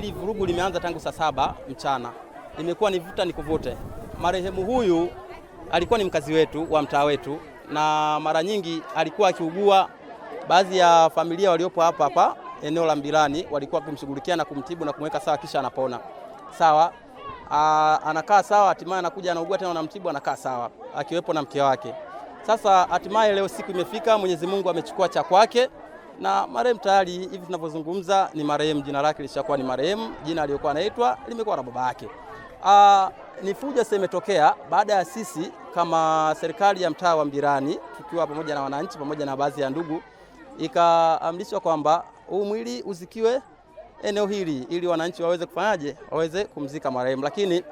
hili vurugu limeanza tangu saa saba mchana, imekuwa ni vuta ni kuvute. Marehemu huyu alikuwa ni mkazi wetu wa mtaa wetu, na mara nyingi alikuwa akiugua. Baadhi ya familia waliopo hapa hapa eneo la Mbilani walikuwa kumshughulikia na kumtibu na kumweka sawa, kisha anapona sawa. Aa, anakaa sawa, hatimaye anakuja anaugua tena, wanamtibu anakaa sawa, akiwepo na mke wake. Sasa hatimaye leo siku imefika, Mwenyezi Mungu amechukua cha kwake na marehemu tayari hivi tunavyozungumza ni marehemu, jina lake lishakuwa ni marehemu, jina aliyokuwa anaitwa limekuwa na baba yake. Ah, ni fuja sasa imetokea baada ya sisi kama serikali ya mtaa wa Mbirani tukiwa pamoja na wananchi pamoja na baadhi ya ndugu, ikaamrishwa kwamba huu mwili uzikiwe eneo hili ili wananchi waweze kufanyaje, waweze kumzika marehemu. Lakini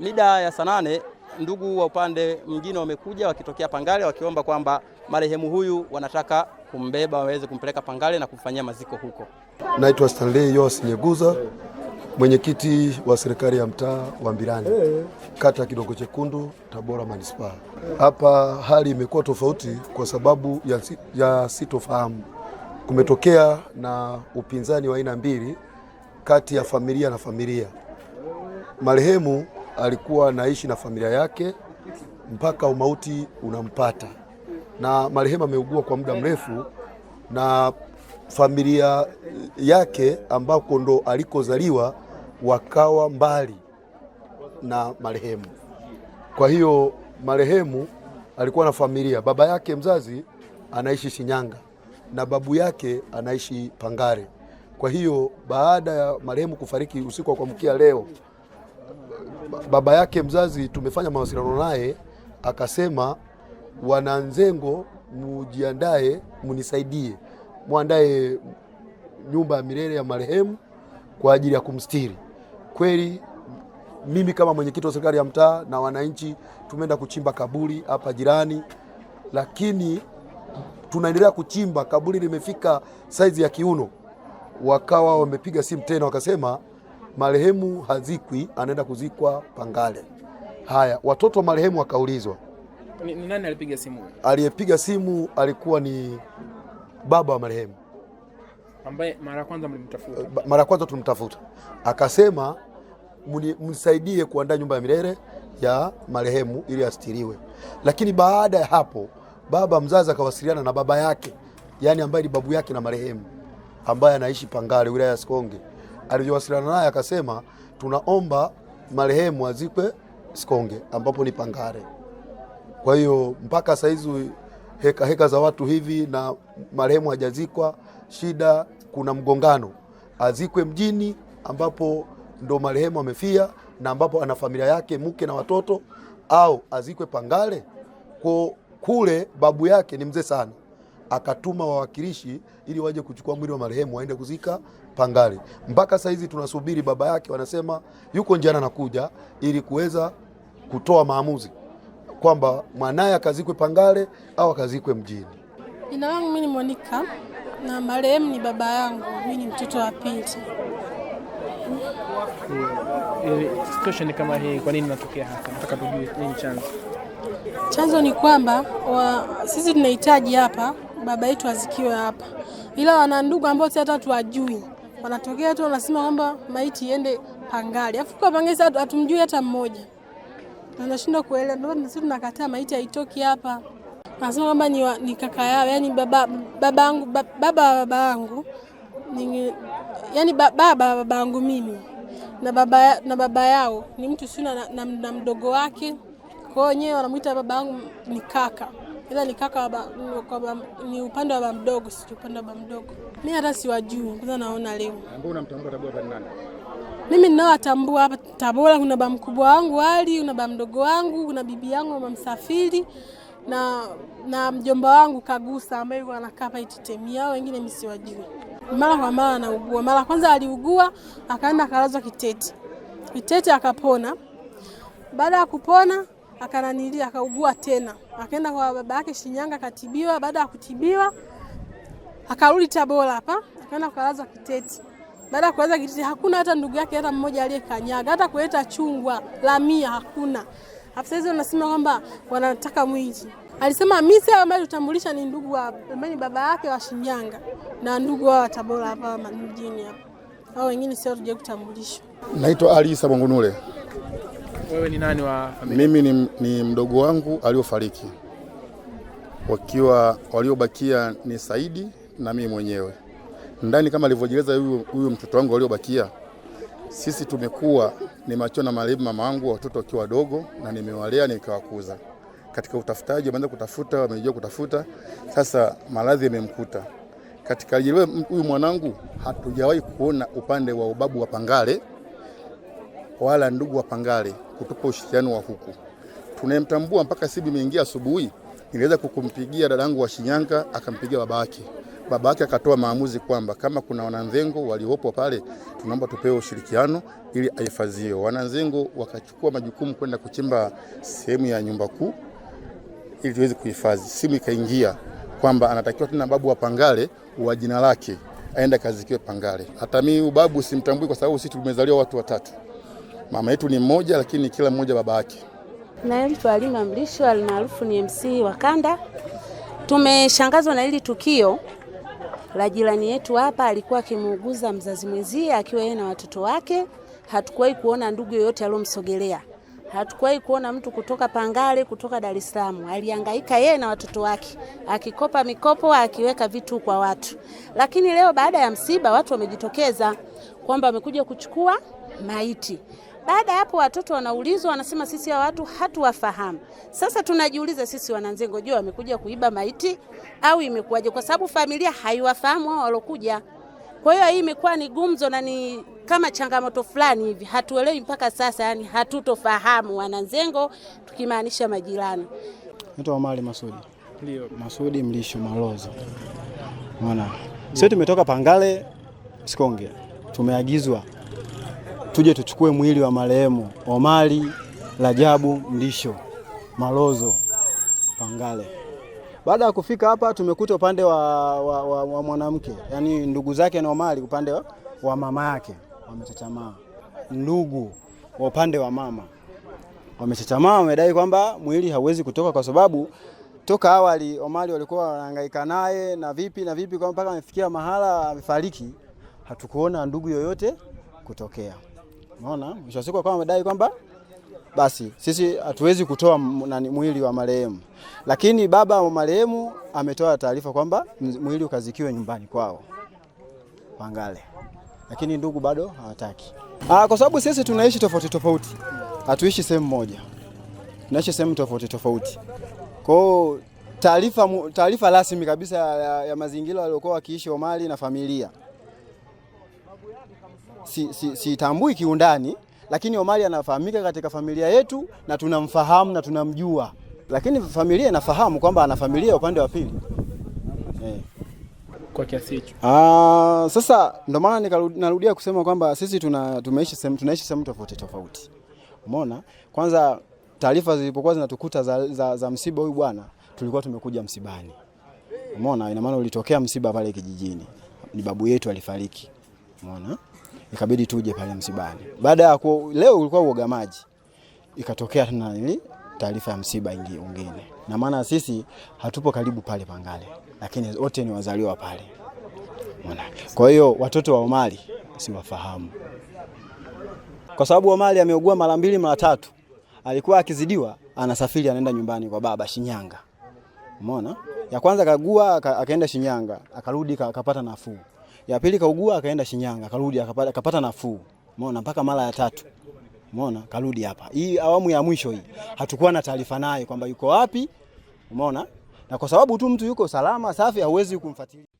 mida ya saa nane ndugu wa upande mwingine wamekuja wakitokea Pangale wakiomba kwamba marehemu huyu wanataka kumbeba waweze kumpeleka Pangale na kumfanyia maziko huko. Naitwa Stanley Yos Nyeguza, mwenyekiti wa serikali ya mtaa wa mbirani kata ya Kidongo Chekundu, Tabora manispaa. Hapa hali imekuwa tofauti kwa sababu ya, ya sitofahamu. Kumetokea na upinzani wa aina mbili kati ya familia na familia. Marehemu alikuwa anaishi na familia yake mpaka umauti unampata na marehemu ameugua kwa muda mrefu na familia yake ambako ndo alikozaliwa wakawa mbali na marehemu. Kwa hiyo marehemu alikuwa na familia, baba yake mzazi anaishi Shinyanga na babu yake anaishi Pangare. Kwa hiyo baada ya marehemu kufariki usiku wa kuamkia leo, baba yake mzazi tumefanya mawasiliano naye akasema Wananzengo, mujiandae, munisaidie, mwandae nyumba ya milele ya marehemu kwa ajili ya kumstiri. Kweli mimi kama mwenyekiti wa serikali ya mtaa na wananchi tumeenda kuchimba kaburi hapa jirani, lakini tunaendelea kuchimba, kaburi limefika saizi ya kiuno. Wakawa wamepiga simu tena wakasema marehemu hazikwi, anaenda kuzikwa Pangale. Haya, watoto wa marehemu wakaulizwa ni, ni nani alipiga simu? Aliyepiga simu alikuwa ni baba wa marehemu ambaye mara kwanza mlimtafuta. Mara kwanza tulimtafuta akasema msaidie kuandaa nyumba ya milele ya marehemu ili astiriwe, lakini baada ya hapo baba mzazi akawasiliana na baba yake, yani ambaye ni babu yake na marehemu ambaye anaishi Pangale wilaya ya Sikonge. Alivyowasiliana naye akasema tunaomba marehemu azikwe Sikonge ambapo ni Pangale. Kwa hiyo mpaka saa hizi heka heka za watu hivi na marehemu hajazikwa, shida, kuna mgongano, azikwe mjini ambapo ndo marehemu amefia na ambapo ana familia yake, mke na watoto, au azikwe Pangale kwa kule babu yake ni mzee sana, akatuma wawakilishi ili waje kuchukua mwili wa marehemu waende kuzika Pangale. Mpaka saa hizi tunasubiri baba yake, wanasema yuko njiani anakuja, ili kuweza kutoa maamuzi kwamba mwanaye akazikwe Pangale au akazikwe mjini. Jina langu mimi ni Monica na marehemu ni baba yangu, mimi ni mtoto wa pili. Eh, eh, situation kama hii, kwa nini inatokea hapa? Nataka tujue nini chanzo. Chanzo ni kwamba wa, sisi tunahitaji hapa baba yetu azikiwe hapa, ila wana ndugu ambao si hata tuwajui wanatokea tu wanasema kwamba maiti iende Pangale, afu kwa Pangale hatumjui hata mmoja na nashindwa kuelewa, ndio tunakataa maiti haitoki hapa. Nasema kwamba ni, ni kaka yao, yani baba babangu, baba babangu yani baba babangu yaani mimi na baba, na baba yao ni mtu sina na, na, na mdogo wake. Kwa hiyo wenyewe wanamuita baba yangu ni kaka, ila ni kaka kwa ni upande wa ba mdogo, si upande wa mdogo. Mimi hata siwajui, kwanza naona leo. Mbona unamtambua tabia nani? Mimi ninawatambua hapa Tabora, kuna ba mkubwa wangu wali, kuna ba mdogo wangu, kuna bibi yangu mama Msafiri na na mjomba wangu Kagusa ambaye yuko anakaa hapa Ititemi. wengine mimi siwajui. Mara kwa mara anaugua. Mara kwanza aliugua akaenda akalazwa Kitete. Kitete akapona. Baada ya kupona akananilia akaugua tena. Akaenda kwa baba yake Shinyanga katibiwa Baada ya kutibiwa akarudi Tabora hapa akaenda akalazwa Kitete. Baada ya kuanza kijiji hakuna hata ndugu yake hata mmoja aliyekanyaga, hata kuleta chungwa la mia hakuna. Afisa hizo wanasema kwamba wanataka mwiji. Alisema misi hao ambaye tutambulisha ni ndugu wa pembeni, baba yake wa Shinyanga na ndugu wa Tabora hapa mjini hapa. Hao wengine sio tuje kutambulisha. Naitwa Ali Isa Mwangunule. Wewe ni nani wa familia? Mimi ni, ni mdogo wangu aliofariki, wakiwa waliobakia ni Saidi na mimi mwenyewe ndani kama alivyojieleza huyu mtoto wangu aliobakia. Sisi tumekuwa ni macho na malezi mama wangu watoto wakiwa wadogo, na nimewalea nikawakuza katika utafutaji, wameanza kutafuta, wamejua kutafuta, sasa maradhi yamemkuta. Katika huyu mwanangu hatujawahi kuona upande wa ubabu wa Pangale wala ndugu wa Pangale kutupa ushirikiano wa huku. Tunayemtambua mpaka sibi imeingia asubuhi, niliweza kukumpigia dadangu wa Shinyanga, akampigia babake baba yake akatoa maamuzi kwamba kama kuna wananzengo waliopo pale, tunaomba tupewe ushirikiano ili ahifadhiwe. Wananzengo wakachukua majukumu kwenda kuchimba sehemu ya nyumba kuu ili tuweze kuhifadhi. Simu ikaingia kwamba anatakiwa tena babu wa Pangale wa jina lake aenda kazikiwe Pangale. Hata mimi ubabu simtambui kwa sababu sisi tumezaliwa watu watatu, mama yetu ni mmoja, lakini kila mmoja baba yake. Naitwa Halima Mlisho almaarufu ni MC wa kanda Tumeshangazwa na hili tukio la jirani yetu hapa alikuwa akimuuguza mzazi mwenzie akiwa yeye na watoto wake. Hatukuwahi kuona ndugu yoyote aliyomsogelea, hatukuwahi kuona mtu kutoka Pangale, kutoka Dar es Salaam. Alihangaika yeye na watoto wake, akikopa mikopo, akiweka vitu kwa watu. Lakini leo baada ya msiba, watu wamejitokeza kwamba wamekuja kuchukua maiti. Baada ya hapo watoto wanaulizwa, wanasema sisi hawa watu hatuwafahamu. Sasa tunajiuliza sisi Wananzengo, je, wamekuja kuiba maiti au imekuwaje? Kwa sababu familia haiwafahamu hao walokuja. Kwa hiyo hii imekuwa ni gumzo na ni kama changamoto fulani hivi, hatuelewi mpaka sasa, yani hatutofahamu Wananzengo tukimaanisha majirani. Naitwa Omari Masudi, ndio Masudi Mlisho Malozo. Mwana. sisi tumetoka Pangale Sikonge, tumeagizwa tuje tuchukue mwili wa marehemu Omari Rajabu Mlisho Malozo Pangale. Baada ya kufika hapa tumekuta upande wa, wa, wa, wa mwanamke yani ndugu zake na Omari upande wa, wa mama yake wamechachamaa, ndugu wa upande wa mama wamechachamaa, wamedai kwamba mwili hauwezi kutoka kwa sababu toka awali Omari walikuwa wanahangaika naye na vipi na vipi, kwa mpaka amefikia mahala amefariki, hatukuona ndugu yoyote kutokea. Unaona, mwisho wa siku akawa amedai kwamba basi sisi hatuwezi kutoa mwili wa marehemu, lakini baba wa marehemu ametoa taarifa kwamba mwili ukazikiwe nyumbani kwao Pangale, lakini ndugu bado hawataki. Ah, kwa sababu sisi tunaishi tofauti tofauti, hatuishi sehemu moja, tunaishi sehemu tofauti tofauti. Kwa hiyo taarifa taarifa rasmi kabisa ya, ya mazingira waliokuwa wakiishi Omari na familia sitambui si, si kiundani, lakini Omari anafahamika katika familia yetu na tunamfahamu na tunamjua, lakini familia inafahamu kwamba ana familia upande wa pili eh. Kwa kiasi hicho ah, sasa ndio maana narudia kusema kwamba sisi tuna, tumeishi sehemu tunaishi sehemu tofauti tofauti. Umeona, kwanza taarifa zilipokuwa zinatukuta za, za, za msiba huyu bwana, tulikuwa tumekuja msibani. Umeona, ina maana ulitokea msiba pale kijijini, ni babu yetu alifariki. Umeona ikabidi tuje pale msibani. Baada ya leo ulikuwa uoga maji, ikatokea tena ile taarifa ya msiba ingine, na maana sisi hatupo karibu pale Pangale, lakini wote ni wazaliwa pale. Kwa hiyo watoto wa Omari siwafahamu, kwa sababu Omari ameugua mara mbili mara tatu, alikuwa akizidiwa, anasafiri anaenda nyumbani kwa baba Shinyanga. Umeona, ya kwanza kagua akaenda Shinyanga, akarudi akapata nafuu ya pili kaugua akaenda Shinyanga, karudi akapata, akapata nafuu. Umeona, mpaka mara ya tatu umeona, karudi hapa. Hii awamu ya mwisho hii hatukuwa na taarifa naye kwamba yuko wapi, umeona, na kwa sababu tu mtu yuko salama safi, hauwezi kumfuatilia.